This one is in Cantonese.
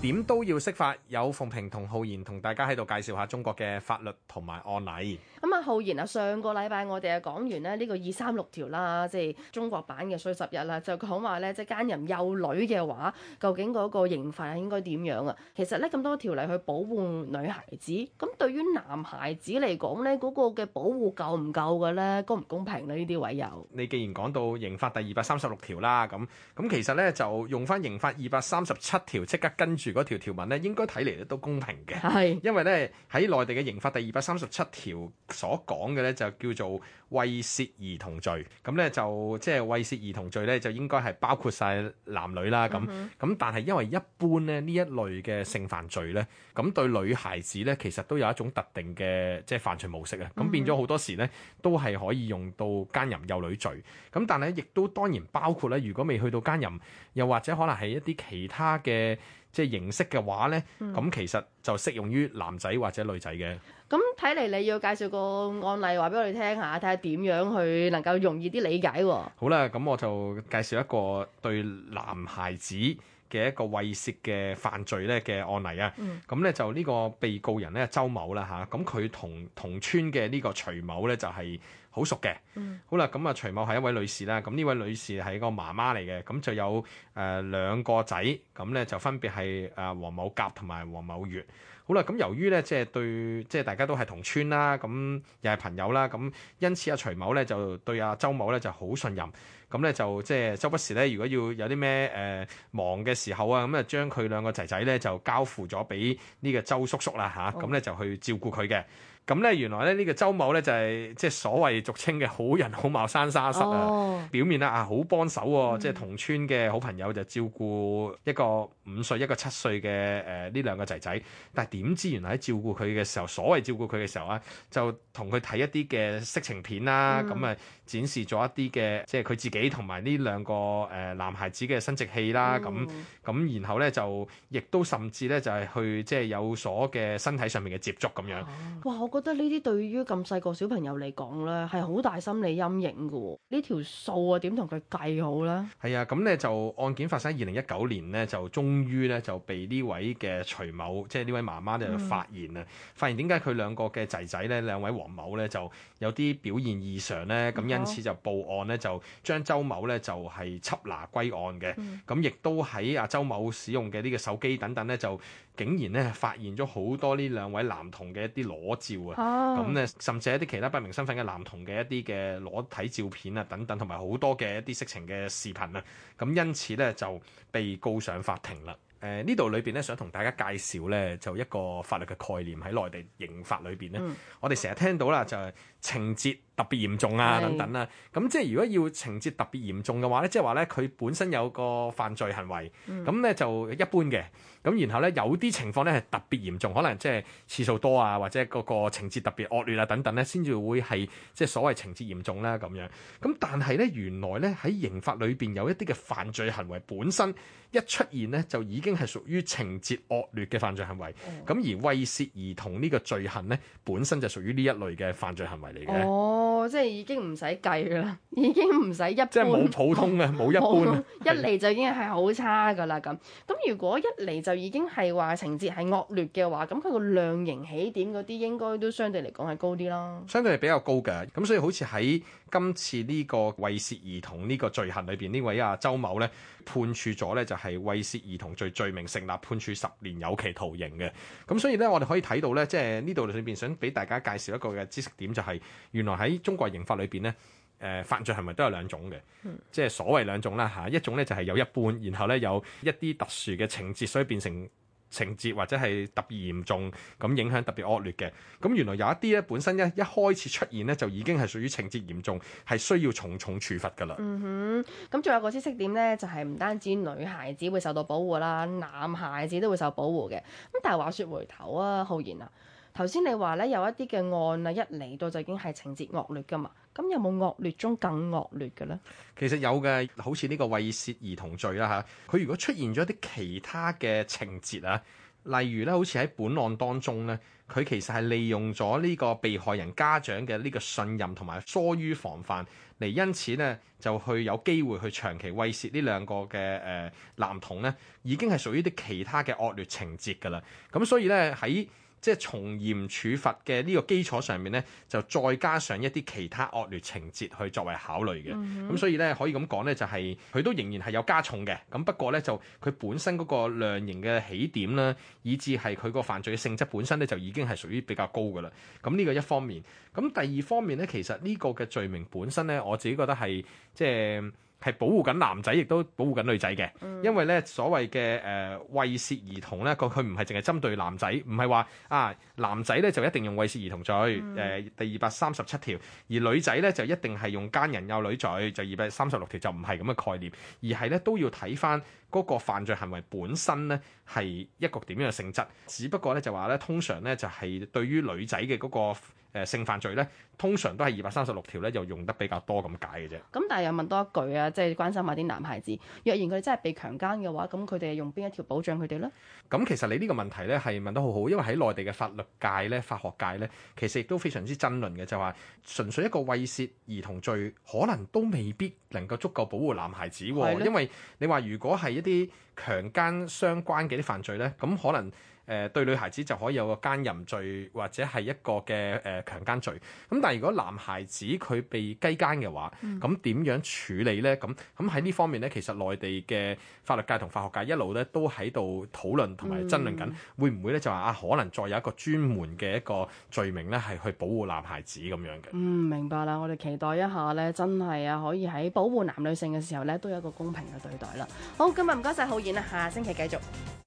點都要識法，有鳳萍同浩然同大家喺度介紹下中國嘅法律同埋案例。浩然啊，上個禮拜我哋啊講完咧，呢個二三六條啦，即係中國版嘅衰十日啦，就講話咧即係奸淫幼女嘅話，究竟嗰個刑罰應該點樣啊？其實咧咁多條例去保護女孩子，咁對於男孩子嚟講咧，嗰個嘅保護夠唔夠嘅咧？公唔公平咧？呢啲位有？你既然講到刑法第二百三十六條啦，咁咁其實咧就用翻刑法二百三十七條，即刻跟住嗰條條文咧，應該睇嚟咧都公平嘅。係，因為咧喺內地嘅刑法第二百三十七條所講嘅咧就叫做猥褻兒童罪，咁咧就即係猥褻兒童罪咧，就應該係包括晒男女啦。咁咁、嗯哼，但係因為一般咧呢一類嘅性犯罪咧，咁對女孩子咧其實都有一種特定嘅即係犯罪模式啊。咁、嗯、哼變咗好多時咧，都係可以用到奸淫幼女罪。咁但係亦都當然包括咧，如果未去到奸淫，又或者可能係一啲其他嘅。即係形式嘅話呢，咁、嗯、其實就適用於男仔或者女仔嘅。咁睇嚟，你要介紹個案例話俾我哋聽下，睇下點樣去能夠容易啲理解喎、啊。好啦，咁我就介紹一個對男孩子嘅一個猥褻嘅犯罪呢嘅案例啊。咁呢、嗯，就呢個被告人呢，周某啦吓，咁、啊、佢同同村嘅呢個徐某呢，就係、是。熟嗯、好熟嘅，好啦，咁啊，徐某係一位女士啦，咁呢位女士係個媽媽嚟嘅，咁就有誒兩、呃、個仔，咁咧就分別係誒黃某甲同埋黃某月，好啦，咁由於咧即係對，即係大家都係同村啦，咁又係朋友啦，咁因此阿、啊、徐某咧就對阿、啊、周某咧就好信任，咁咧就即係周不時咧，如果要有啲咩誒忙嘅時候啊，咁就將佢兩個仔仔咧就交付咗俾呢個周叔叔啦吓，咁、啊、咧就去照顧佢嘅。哦咁咧，原來咧呢個周某咧就係即係所謂俗稱嘅好人好貌生沙虱啊！表面啦啊，好幫手喎，即係同村嘅好朋友就照顧一個五歲一個七歲嘅誒呢兩個仔仔，但係點知原來喺照顧佢嘅時候，所謂照顧佢嘅時候啊，就同佢睇一啲嘅色情片啦，咁啊、嗯、展示咗一啲嘅即係佢自己同埋呢兩個誒、呃、男孩子嘅生殖器啦，咁咁、嗯、然後呢，就亦都甚至呢，就係去即係有所嘅身體上面嘅接觸咁樣。哇、嗯！我覺得呢啲對於咁細個小朋友嚟講呢，係好大心理陰影㗎喎。條數呢條數啊，點同佢計好咧？係啊，咁呢就案件發生喺二零一九年呢，就中。於咧就被呢位嘅徐某，即係呢位媽媽咧就發現啊，發現點解佢兩個嘅仔仔咧，兩位黃某咧就有啲表現異常咧，咁因此就報案咧，就將周某咧就係、是、緝拿歸案嘅。咁亦、嗯、都喺阿周某使用嘅呢個手機等等咧，就竟然咧發現咗好多呢兩位男童嘅一啲裸照啊，咁咧甚至一啲其他不明身份嘅男童嘅一啲嘅裸體照片啊等等，同埋好多嘅一啲色情嘅視頻啊，咁因此咧就被告上法庭。誒呢度裏邊咧，呃、面想同大家介紹咧，就一個法律嘅概念喺內地刑法裏邊咧，嗯、我哋成日聽到啦，就係情節。特別嚴重啊，等等啦。咁是即係如果要情節特別嚴重嘅話呢，即係話呢，佢本身有個犯罪行為，咁呢、嗯、就一般嘅。咁然後呢，有啲情況呢係特別嚴重，可能即係次數多啊，或者嗰個情節特別惡劣啊，等等呢，先至會係即係所謂情節嚴重啦、啊、咁樣。咁但係呢，原來呢，喺刑法裏邊有一啲嘅犯罪行為本身一出現呢，就已經係屬於情節惡劣嘅犯罪行為。咁、哦、而猥褻兒童呢個罪行呢，本身就屬於呢一類嘅犯罪行為嚟嘅。哦哦我、哦、即係已經唔使計噶啦，已經唔使一即係冇普通嘅，冇一般。 一嚟 就已經係好差噶啦咁。咁如果一嚟就已經係話情節係惡劣嘅話，咁佢個量刑起點嗰啲應該都相對嚟講係高啲囉。相對係比較高嘅。咁所以好似喺今次呢個猥褻兒童呢個罪行裏邊，呢位阿周某呢判處咗呢就係猥褻兒童罪罪名成立，判處十年有期徒刑嘅。咁所以呢，我哋可以睇到呢，即係呢度裏面想俾大家介紹一個嘅知識點，就係原來喺中國刑法裏邊咧，誒、呃、犯罪係咪都有兩種嘅？即係所謂兩種啦嚇、啊，一種咧就係有一半，然後咧有一啲特殊嘅情節，所以變成情節或者係特別嚴重咁影響特別惡劣嘅。咁原來有一啲咧本身一一開始出現咧就已經係屬於情節嚴重，係需要重重處罰噶啦。嗯哼，咁仲有個知識點咧，就係、是、唔單止女孩子會受到保護啦，男孩子都會受保護嘅。咁但係話說回頭啊，浩然啊。頭先你話咧，有一啲嘅案啊，一嚟到就已經係情節惡劣噶嘛。咁有冇惡劣中更惡劣嘅咧？其實有嘅，好似呢個猥褻兒童罪啦嚇。佢、啊、如果出現咗一啲其他嘅情節啊，例如咧，好似喺本案當中咧，佢其實係利用咗呢個被害人家長嘅呢個信任同埋疏於防範嚟，因此咧就去有機會去長期猥褻呢兩個嘅誒、呃、男童咧，已經係屬於啲其他嘅惡劣情節噶啦。咁、啊、所以咧喺即係從嚴處罰嘅呢個基礎上面呢，就再加上一啲其他惡劣情節去作為考慮嘅。咁、嗯、哼所以呢，可以咁講呢，就係、是、佢都仍然係有加重嘅。咁不過呢，就佢本身嗰個量刑嘅起點啦，以至係佢個犯罪嘅性質本身呢，就已經係屬於比較高㗎啦。咁呢個一方面，咁第二方面呢，其實呢個嘅罪名本身呢，我自己覺得係即係。係保護緊男仔，亦都保護緊女仔嘅，因為咧所謂嘅誒猥褻兒童咧，佢唔係淨係針對男仔，唔係話啊男仔咧就一定用猥褻兒童罪，誒、嗯呃、第二百三十七條，而女仔咧就一定係用奸人幼女罪，就二百三十六條，就唔係咁嘅概念，而係咧都要睇翻。嗰個犯罪行為本身呢，係一個點樣嘅性質？只不過呢，就話呢，通常呢，就係、是、對於女仔嘅嗰個、呃、性犯罪呢，通常都係二百三十六條呢，又用得比較多咁解嘅啫。咁但係又問多一句啊，即係關心下啲男孩子，若然佢哋真係被強姦嘅話，咁佢哋用邊一條保障佢哋呢？咁其實你呢個問題呢，係問得好好，因為喺內地嘅法律界呢、法學界呢，其實亦都非常之爭論嘅，就話、是、純粹一個猥褻兒童罪可能都未必能夠足夠保護男孩子，的因為你話如果係。一啲強姦相關嘅啲犯罪咧，咁可能。誒對女孩子就可以有個奸淫罪或者係一個嘅誒、呃、強奸罪。咁但係如果男孩子佢被雞姦嘅話，咁點、嗯、樣處理呢？咁咁喺呢方面咧，其實內地嘅法律界同法學界一路咧都喺度討論同埋爭論緊，嗯、會唔會咧就話啊可能再有一個專門嘅一個罪名咧係去保護男孩子咁樣嘅。嗯，明白啦，我哋期待一下咧，真係啊，可以喺保護男女性嘅時候咧都有一個公平嘅對待啦。好，今日唔該晒浩然啦，下星期繼續。